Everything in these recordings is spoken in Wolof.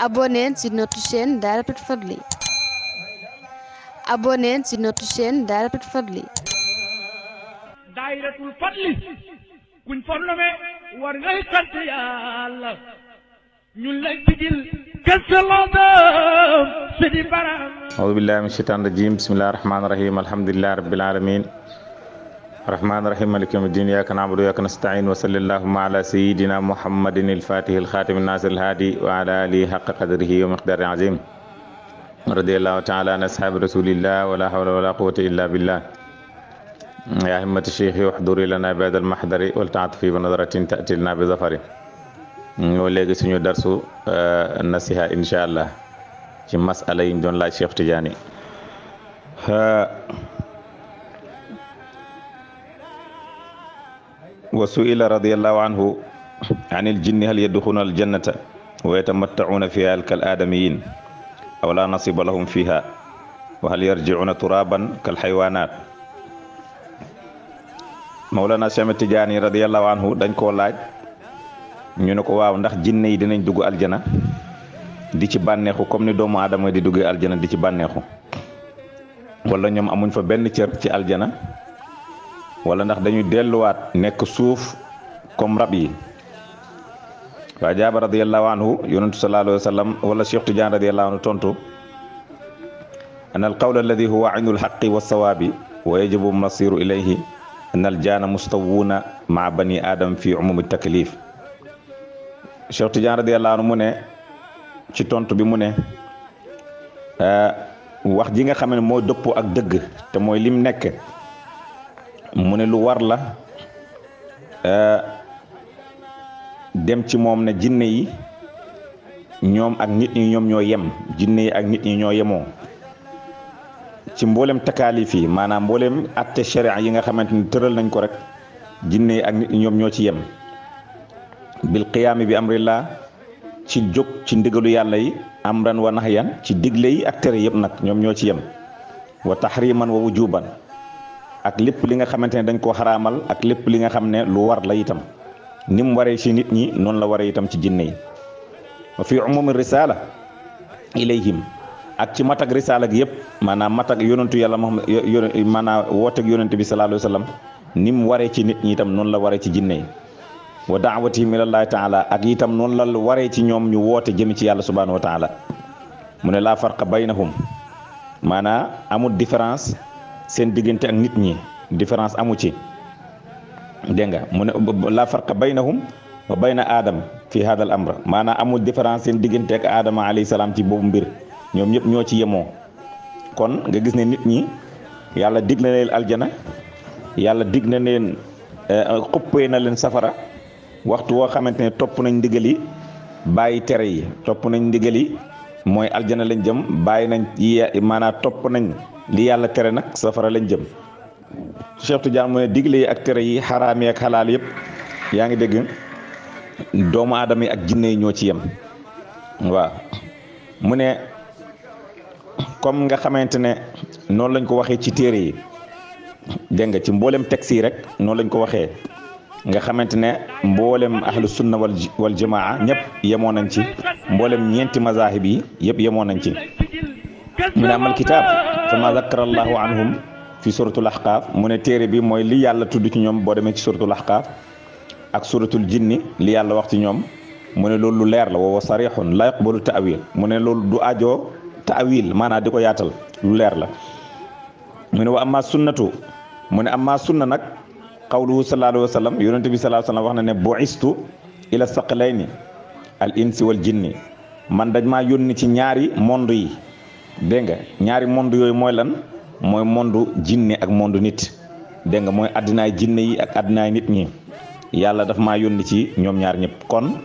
abonnez sur notre chaîne Dahiratoul Fadly abonnez sur notre chaîne Dahiratoul Fadly Dahiratoul Fadly kuñ fornome war ngay sant Yàlla ñun lay digil kasalaam sidi baram a'uuzu billahi min shaytaani rajiim bismillahi rahmaani rahiim alhamdulillahi rabbil aalamiin rahmaan rahim malik yawmi din yaaka naabudu yaaka nastain wa salli allahuma ala sayidina muhammadin ilfatihi ilxaatimi nasir ilhaadi wa ala alihi xaqa qadrihi wa miqdaari azim radiallahu taala an ashaabi rasulillah wala hawla wala quwata illa billah ya himmati cheikhi uxduri lana bi hada almaxdari waltaat fi ba nadaratin taati lana bi zafari ñoo léegi suñu darsu euh, nasiha incha allah ci masala yiñ doon laaj Cheikh Tidiane euh, wa su'ila radiyallahu anhu anil jinni hal yadxuluna al jannata wa yatamatta'una fiha kal aadamiyin aw la nasiba lahum fiha wa hal yarji'una turaban kal xaywaanaat Mawlana Cheikh Tidiane anhu dañ koo laaj ñu ne ko waaw ndax jinne yi dinañ dugg aljana di ci bànneexu comme ni doomu aadama di duggee aljana di ci bànneexu wala ñoom amuñ fa benn cër ci aljana wala ndax dañu delluwaat nekk suuf comme rab yi waa jaaba radiallahu anhu yonentu sallallahu alayhi wala cheikh tidiane radiallahu anhu tontu an al qawl alladi huwa indu lxaqi walsawaabi wa yajibu masiru ilayhi an al jaana mustawuuna maa bani aadam fi umumi taklif cheikh tidiane radiallahu anhu mu ne ci tontu bi mu ne eh, wax ji nga xam ne moo dëppoo ak dëgg te mooy lim nekk mu ne lu war la euh, dem ci moom ne jinne yi ñoom ak nit ñi ñoom ñoo yem jinne yi ak nit ñi ñoo yemoo ci mboolem takaalif yi maanaam mboolem atte sharia yi nga xamante ni tëral nañ ko rek jinne yi ak nit ñoom ñoo ci yem bil qiyaami bi amrillah ci jóg ci ndigalu yàlla yi amran wa nahyan ci digle yi ak tere yëpp nag ñoom ñoo ci yem wa tahriman wa wujuban ak lépp li nga xamante ne dañ koo xaraamal ak lépp li nga xam ne lu war la itam ni mu waree ci nit ñi noonu la waree itam ci jinne yi wa fi umumi risala ilayhim ak ci matag risaala gi yëpp maanaam matag yonentu yàlla Muhammad maanaam wooteeg yonent bi sallallahu alayhi wa sallam ni mu waree ci nit ñi itam noonu la waree ci jinne yi wa daawatihim ilallahi taala ak itam noonu la waree ci ñoom ñu woote jëm ci yàlla subhanahu wa taala mu ne laa farqa baynahum maanaam amul différence seen diggante ak nit ñi différence amu ci dégg nga mu ne la farqa baynahum wa bayna aadama fi hada al amra maanaam amul différence seen diggante ak aadama alayhi salaam ci boobu mbir ñoom ñëpp ñoo ci yemoo kon nga gis ne nit ñi yàlla dig na leen aljana yàlla digg na leen eh, xuppee na leen safara waxtu woo xamante ne topp nañ ndigal yi bàyyi tere yi topp nañ ndigal yi mooy aljana lañ jëm bàyyi nañ maanaam topp nañ li yàlla tere nag safara lañ jëm Cheikh Tidiane mu ne digle yi ak tere yi xaraam yi ak xalaal yëpp yaa ngi dégg doomu aadama yi ak jinne yi ñoo ci yem waaw mu ne comme nga xamante ne noonu lañ ko waxee ci téere yi dégg nga ci mboolem texte yi rek noonu lañ ko waxee nga xamante ne mboolem ahlu sunna wal wal jamaa ñëpp yemoo nañ ci mboolem ñeenti mazahib yi yëpp yemoo nañ ci min amal kitaab fama zakarallahu anhum fi suratul ahqaaf mu ne téere bi mooy li yàlla tudd ci ñoom boo demee ci suratul ahqaaf ak suratul jinni li yàlla wax ci ñoom mu ne loolu lu leer la woowa sarixun la yaqbalu taawil mu ne loolu du ajoo taawil maanaam di ko yaatal lu leer la wa amma sunnatu mu amma sunna nag qawluhu sallallahu alayhi wa sallam yonente bi sallallahu alayhi wax na ne bu'istu ila saqlayni al insi wal jinni man dañ maa yónni ci ñaari monde yi dégg nga ñaari monde yooyu mooy lan mooy monde jinne ak monde nit dégg nga mooy addinaay jinne yi ak addinaay nit ñi yàlla daf maa yónni ci ñoom ñaar ñëpp kon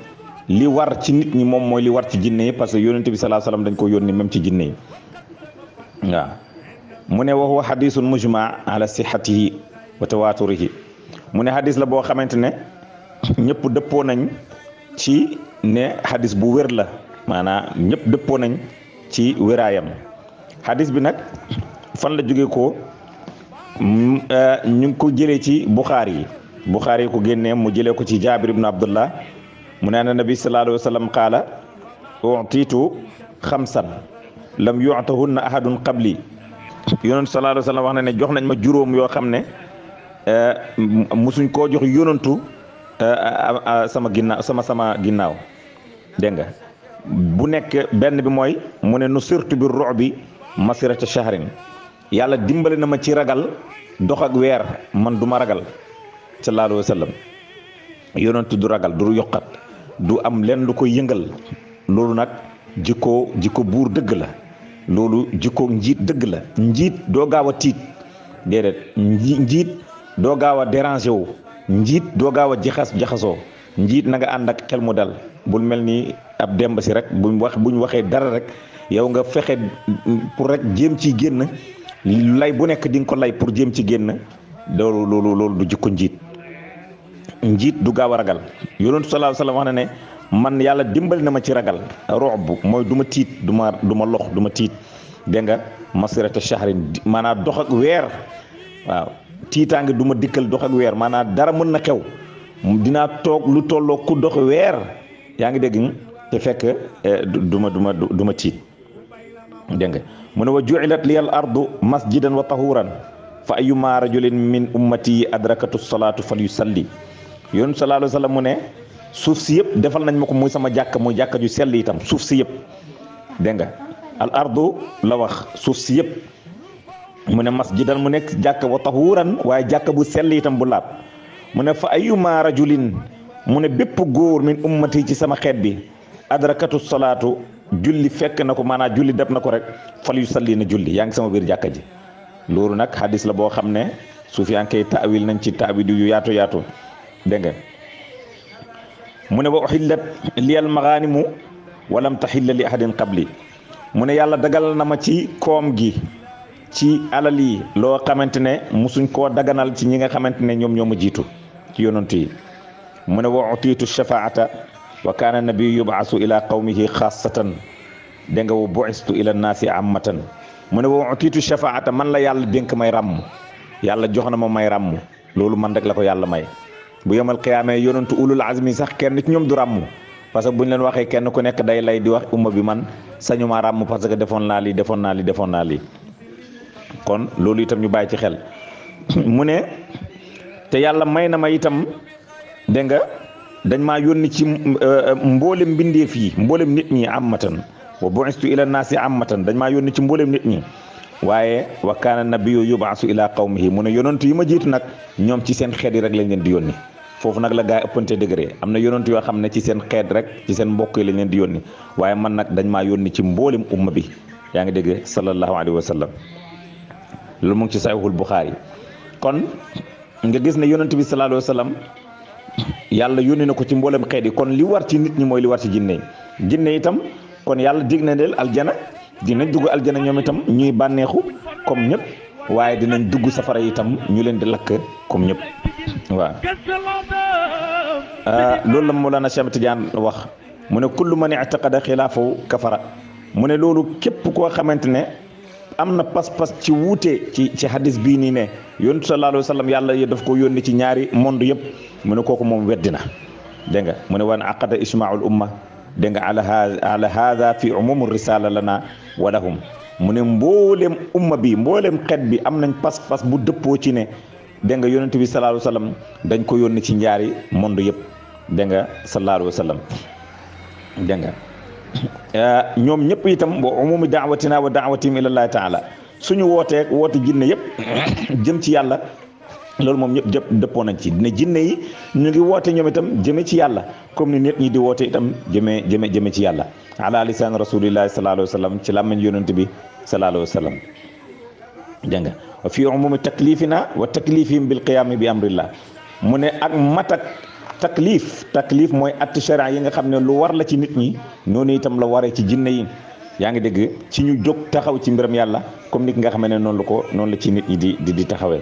li war ci nit ñi moom mooy li war ci jinne yi parce que yoonante bi sallallahu alayhi wa sallam dañ ko yónni mem ci jinne yi waaw mu ne wa huwa xadisun mujma ala sihatihi wa tawaturihi mu ne hadis la boo xamante ne ñépp dëppoo nañ ci ne hadis bu wër la maanaam ñëpp dëppoo nañ ci wéraayam hadis bi nag fan la jóge ko mm, euh, ñu ngi ko jëlee ci Buxaari yi Buxaari yi ko génnee mu jëlee ko ci Jaabir ibn Abdullah mu ne ana nabi sallallahu alayhi wa sallam xam utiitu xamsan lam yu'tahunna ahadun qabli yonent sallallahu alayhi wa sallam wax na ne jox nañ ma juróom yoo xam ne Eh, musuñ koo jox yonantu eh, eh, sama ginnaaw sama sama ginnaaw dégg nga bu nekk benn bi mooy mu ne nu surtu bi rox bi masirata shahrin yàlla dimbali na ma ci ragal dox ak weer man du ma ragal sallallahu alayhi wa sallam yonantu du ragal du yokkat du am lenn lu koy yëngal loolu nag jikko jikko buur dëgg la loolu jikko njiit dëgg la njiit doo gaaw a tiit déedéet njiit doo gaaw a déranger wu njiit doo gaaw a jaxas jaxasoo njiit nanga nga ànd ak xel mu dal bul mel ni ab demb si rek buñ wax buñ waxee dara rek yow nga fexe pour rek jéem ci génn lay bu nekk di ko lay pour jëm ci génn loolu loolu loolu du jikko njiit njiit du gaaw a ragal yonent sallallahu alayhi wasallam wax na ne man yàlla dimbali na ma ci ragal roobu mooy du ma tiit du ma du ma lox du ma tiit dégg nga masirata shahrin maanaam dox ak weer waaw tiitaange du ma dikkal dox ak weer maanaam dara mën na xew dinaa toog lu tolloo ku dox weer yaa ngi dégg hmm? te fekk eh, du ma du ma du ma tiit dégg nga mu ne wa ju'ilat liyal ardu masjidan wa tahuran fa ayyuma rajulin min ummati adrakatu salaatu fal yusalli salli yoon alayhi wa mu ne suuf si yëpp defal nañ ma ko muy sama jàkka muy jàkka ju suuf si yëpp dégg nga al ardu la wax suuf si yëpp mu ne masjidan mu nekk jàkka wa tahuuran waaye jàkka bu sell bu laab mu ne fa maara rajulin mu ne bépp góor min ummati ci sama xeet bi adrakatu solaatu julli fekk na ko maanaam julli def na ko rek fal yu salli na julli yaa ngi sama biir jàkka ji loolu nag hadis la boo xam ne suuf yaa ngi koy taawil nañ ci taawil yu yaatu yaatu dégg mu ne wa uxillat liyal maxaanimu walam taxilla li ahadin qabli mu ne yàlla dagal na ma ci koom gi ci alal yi loo xamante ne musuñ koo daganal ci ñi nga xamante ne ñoom ñoo ma jiitu ci yonantu yi mu ne wa utiitu shafaata wa kaana nabiyu yubaasu ila qawmihi xaasatan da nga wa buistu ila naasi ammatan mu ne wa utiitu shafaata man la yàlla dénk may ràmm yàlla jox na ma may ràmm loolu man rek la ko yàlla may bu yemal xiyaamee yonantu ulul azmi sax kenn ci ñoom du ràmm parce que bu ñu leen waxee kenn ku nekk day lay di wax umma bi man sañuma ràmm parce que defoon naa lii defoon naa lii defoon naa kon loolu itam ñu bàyyi ci xel mu ne te yàlla may na ma itam dégg nga dañ maa yónni ci euh, euh, mboolem mbindeef yi mboolem nit ñi amatan wa bu'istu ila naasi amatan dañ maa yónni ci mboolem nit ñi waaye wa kaana nabiyyu yub'asu ila qawmihi mu ne yonent yi ma jiitu nag ñoom ci seen xeet rek lañ leen di yonni foofu nag la gaa yi ëppante degré am na yonent yoo xam ne ci seen xeet rek ci seen mbokk yi lañ leen di yónni waaye man nag dañ ma yónni ci mboolem umma bi yaa ngi dégg sallallahu alayhi wa sallam loolu mu ngi ci saxiixul Buxaari kon nga gis ne yonent bi sallallahu alayhi wa sallam yàlla yónni na ko ci mboolem xeet yi kon li war ci nit ñi mooy li war ci jinne yi jinne itam kon yàlla dig na leen aljana dinañ dugg aljana ñoom itam ñuy bànneexu comme ñëpp waaye dinañ dugg safara itam ñu leen di lakk comme ñëpp waaw ah, loolu la Mawlana Cheikh Tidiane wax mu ne kullu man i'taqada xilaafu kafara mu ne loolu képp koo xamante ne am na pas-pas ci wuute ci ci hadis bii ni ne yonent sallallahu alayhi wa sallam yàlla yi daf ko yónni ci ñaari mondo yëpp mu ne kooku moom weddi na dégg nga mu ne waan aqada ijmaul umma dégg nga ala ala haada fi umum risala lana wa lahum mu ne mbooleem umma bi mbooleem xeet bi am nañ pas-pas bu dëppoo ci ne dégg nga yonent bi sallallahu alayhi wa sallam dañ ko yónni ci ñaari monde yëpp dégg nga sallallahu alayhi wa sallam Eh, ñoom ñëpp itam wa umumi daawatina wa daawatihim ilallahi taala suñu wootee woote jinne yëpp jëm ci yàlla loolu moom ñëpp jëpp dëppoo nañ ci ne jinne yi ñu ngi woote ñoom itam jëme ci yàlla comme ni nit ñi di woote itam jëme jëme jëme ci yàlla ala lisaan rasulillahi sallallahu alayhi wa sallam ci làmmiñ yonent bi sallallahu alayhi wa sallam dégg nga fi umumi taklifina wa taklifihim bil qiyaami bi amrillah mu ne ak matak taklif taklif mooy atti sharia yi nga xam ne lu war la ci nit ñi noonu itam la waree ci jinne yi yaa ngi dégg ci ñu jog taxaw ci mbiram yàlla comme nit nga xam ne noonu la ko noonu la ci nit ñi di di di taxawee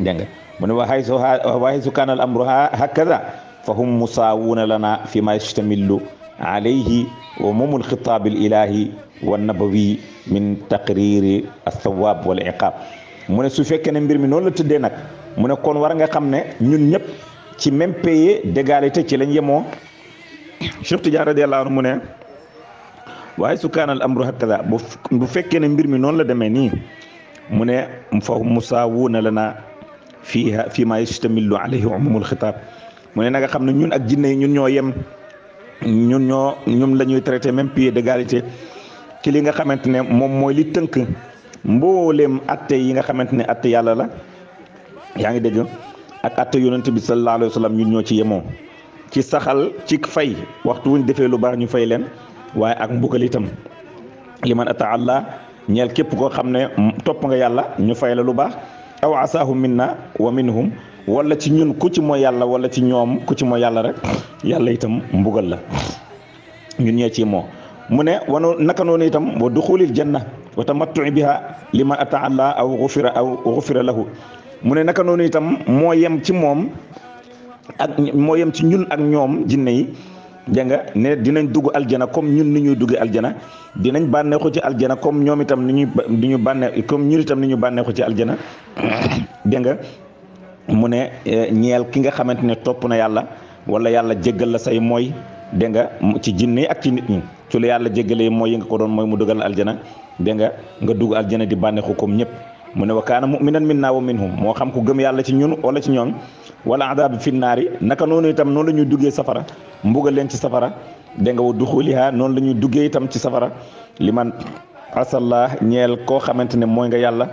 nga mu ne wa haysu wa haysu kaana al amru hakaza fa hum musaawuuna lana fi ma yastamillu alayhi wa mumul xitaab al ilahi wa nabawi min taqriri althawaab wal iqaab mu ne su fekkee ne mbir mi noonu la tëddee nag mu ne kon war nga xam ne ñun ñëpp ci même pied d'égalité ci lañ yemoo Cheikh Tidiane radiyallahu anhu mu ne waaye su kaanal amru hakada bu fekkee ne mbir mi noonu la demee nii mu ne fa musaawuuna lana fiiha fii ma yastamillu alayhi umumul xitaab mu ne na nga xam ne ñun ak jinne yi ñun ñoo yem ñun ñoo ñoom la ñuy traité même pied d'égalité ci li nga xamante ne moom mooy li tënk mbooleem atte yi nga xamante ne atte yàlla la yaa ngi dégg ak atte yonent bi sallallahu alayhi wa sallam ñun ñoo ci yemoo ci saxal ci fay waxtu wuñ defee lu baax ñu fay leen waaye ak mbugal itam li man ata allah ñeel képp koo xam ne topp nga yàlla ñu fay la lu baax aw asaahu minna wa minhum wala ci ñun ku ci mooy yàlla wala ci ñoom ku ci mooy yàlla rek yàlla itam mbugal la ñun ñoo ci moo mu ne wano naka noonu itam wa duxulil janna wa tamattu bi li man ata allah aw xufira aw xufira lahu mu ne naka noonu itam moo yem ci moom ak moo yem ci ñun ak ñoom jinne yi dégg nga ne dinañ dugg aljana comme ñun ni ñuy dugg aljana dinañ bànneexu ci aljana comme ñoom itam ni ñuy ni ñu bànne comme ñun itam ni ñu bànneexu ci aljana dégg nga mu ne e, ñeel ki nga xamante ne topp na yàlla wala yàlla jéggal la say mooy dégg nga ci jinne yi ak ci nit ñi ci lu yàlla jéggalee mooy yi nga ko doon mooy mu dugal aljana dégg nga nga dugg aljana di bànneexu comme ñëpp mu ne wa kaana muminan min naa wa minhum moo xam ku gëm yàlla ci ñun wala ci ñoom wala adab fi naari naka noonu tam noonu la ñuy duggee safara mbugal leen ci safara dégg nga wa duxuliha noonu la ñuy duggee itam ci safara li man asallah ñeel koo xamante ne mooy nga yàlla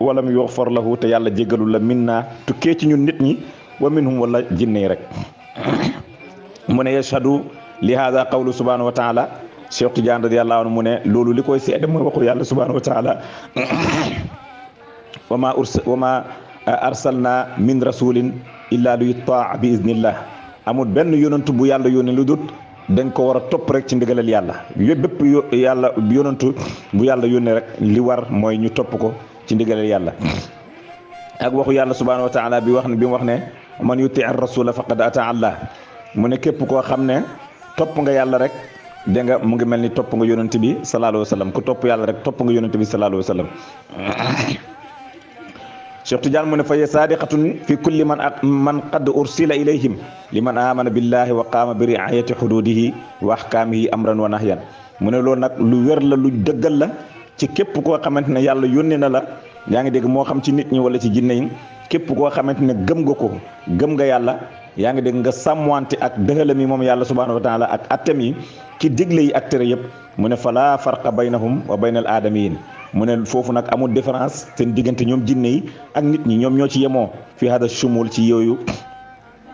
walam yuxfar lahu te yàlla jéggalu la min naa tukkee ci ñun nit ñi wa minhum wala jinne yi rek mu ne yashhadu li qawlu subhanahu wa taala Cheikh Tidiane yàlla anhu mu ne loolu li koy seede mooy waxu yàlla subhanahu wa taala wa ma urs wa ma benn yonantu bu yàlla yónni lu dut ko war a topp rek ci ndigalal yàlla yàlla yonantu bu yàlla yónni rek li war mooy ñu topp ko ci ndigalal yàlla ak yàlla subhanahu wa bi wax ne mu wax ne man yuti ar rasula faqad ata allah mu ne képp koo xam ne topp nga yàlla rek dégg nga mu ngi mel ni topp nga yonent bi sallallahu alayhi wa sallam ku topp yàlla rek topp nga yonent bi sallallahu alayhi wa sallam Cheikh Tidiane mu ne fa ye sadiqatun fi kulli man ak man qad ursila ilayhim li man amana billahi wa qaama bi riayati xududihi wa ahkaamihi amran wa nahyan mu ne loolu nag lu wér la lu dëggal la ci képp koo xamante ne yàlla yónni na la yaa ngi dégg moo xam ci nit ñi wala ci jinne yi képp koo xamante ne gëm nga ko gëm nga yàlla yaa ngi dégg nga sàmmwante ak dëxalam moom yàlla subhanahu wa ak attam yi ci digle yi ak tere yëpp mu ne fala farqa baynahum wa baynal aadamiyin mu ne foofu nag amul différence seen diggante ñoom jinne yi ak nit ñi ñoom ñoo ci yemoo fi hada shumul ci yooyu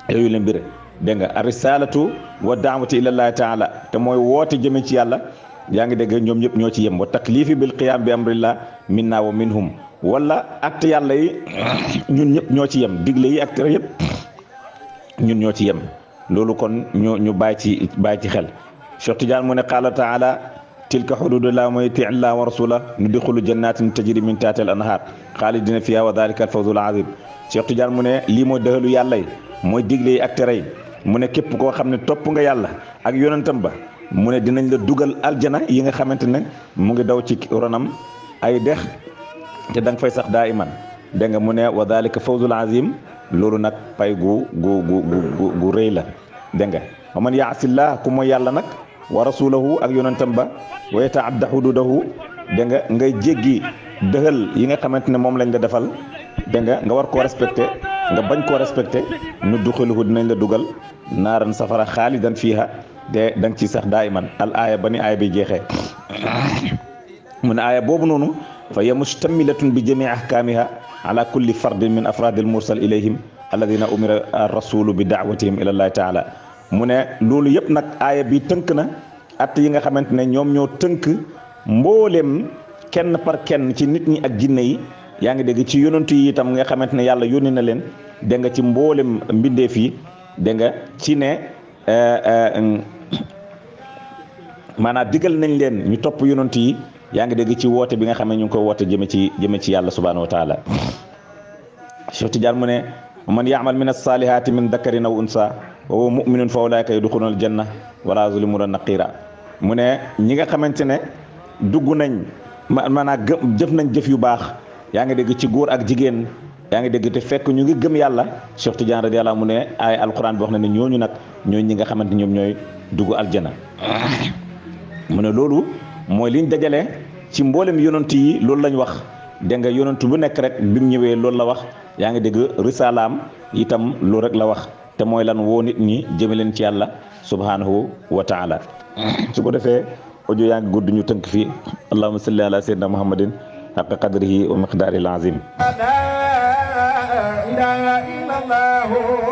yooyu la mbir dégg nga arisalatu wa daawati ilallahi taala te mooy woote jëme ci yàlla yaa ngi dégg ñoom ñëpp ñoo ci yem wa taklifi bil qiyam bi amrillah minna wa minhum wala acte yàlla yi ñun ñëpp ñoo ci yem digle yi ak tere yëpp ñun ñoo ci yem loolu kon ñu ñu bàyyi ci bàyyi ci xel Cheikh Tidiane mu ne qaala taala tilka xududullah laa man yuti illah wa rasula nudxulu jannatin tajri min tahtiha al anhar xaalidina fiha wa dalika al fawzul azim Cheikh Tidiane mu ne lii mooy dëxalu yàlla yi mooy digle yi ak tere yi mu ne képp koo xam ne topp nga yàlla ak yonentam ba mu ne dinañ la dugal aljana yi nga xamante ne mu ngi daw ci ronam ay dex te da nga fay sax daa man dégg nga mu ne wa dalika fawzul azim loolu nag pay gu gu gu gu rëy la dégg nga wa man yaasillah ku mooy yàlla nag wa rasulahu ak yonentam ba wa yataadda hududahu dégg nga ngay jéggi dëxal yi nga xamante ne moom lañ la defal dégg nga nga war koo respecte nga bañ koo respecté nu duxaluhu dinañ la dugal naaran safara xaalidan fiiha de da nga ciy sax daayiman al aaya ba ni aaya bi jeexee mu ne aaya boobu noonu fa yamush tamilatun bi jamii ahkaamiha ala kulli fardin min afradil mursal ilayhim alladina umira rasulu bi daawatihim ila allahi taala mu ne loolu yëpp nag aaya bi tënk na at yi nga xamante ne ñoom ñoo tënk mboolem kenn par kenn ci nit ñi ak jinne yi yaa ngi dégg ci yonantu yi itam nga xamante ne yàlla yónni na leen dégg nga ci mboolem mbindeef yi dégg nga ci ne eh, eh, maanaam digal nañ leen ñu topp yonantu yi yaa ngi dégg ci woote bi nga xam ne ñu ngi koy woote jëme ci jëme ci yàlla subhanahu wa taala Cheikh Tidiane mu ne man yaamal min as-salihati min dakarin aw unsa wa huwa muminun fa ulaika yudxuluna aljanna wala zulimuna naqira mu ne ñi nga xamante ne dugg nañ ma maanaam gëm jëf nañ jëf yu baax yaa ngi dégg ci góor ak jigéen yaa ngi dégg te fekk ñu ngi gëm yàlla Cheikh Tidiane radiyallahu mu ne aay alquran bi wax na ne ñooñu nag ñooñu ñi nga xamante ñoom ñooy dugg aljana mu mooy liñ dajale ci mboolem yonant yi loolu lañ wax dégg nga yonantu bu nekk rek bi mu ñëwee loolu la wax yaa ngi dégg risalaam itam loolu rek la wax te mooy lan woo nit ñi jëme leen ci yàlla subhanahu wa taala su ko defee audio yaa ngi gudd ñu tënk fii allahuma salli ala sayyidina muhammadin haqa qadrihi wa miqdaari lazim la ilaha illallah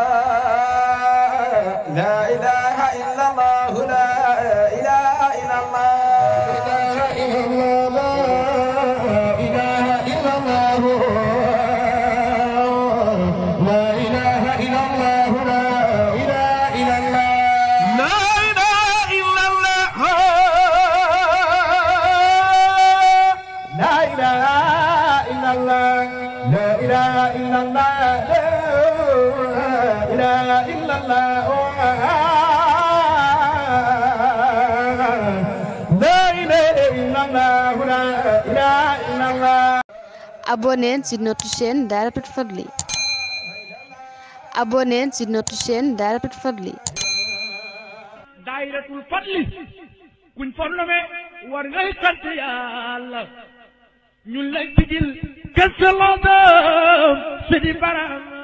Abonnez sur notre chaîne Dahiratoul Fadly abonnez sur notre chaîne Dahiratoul Fadly Dahiratoul Fadly kuñ fonnome war ngay sant Yàlla ñu la di jël gëstu loo doon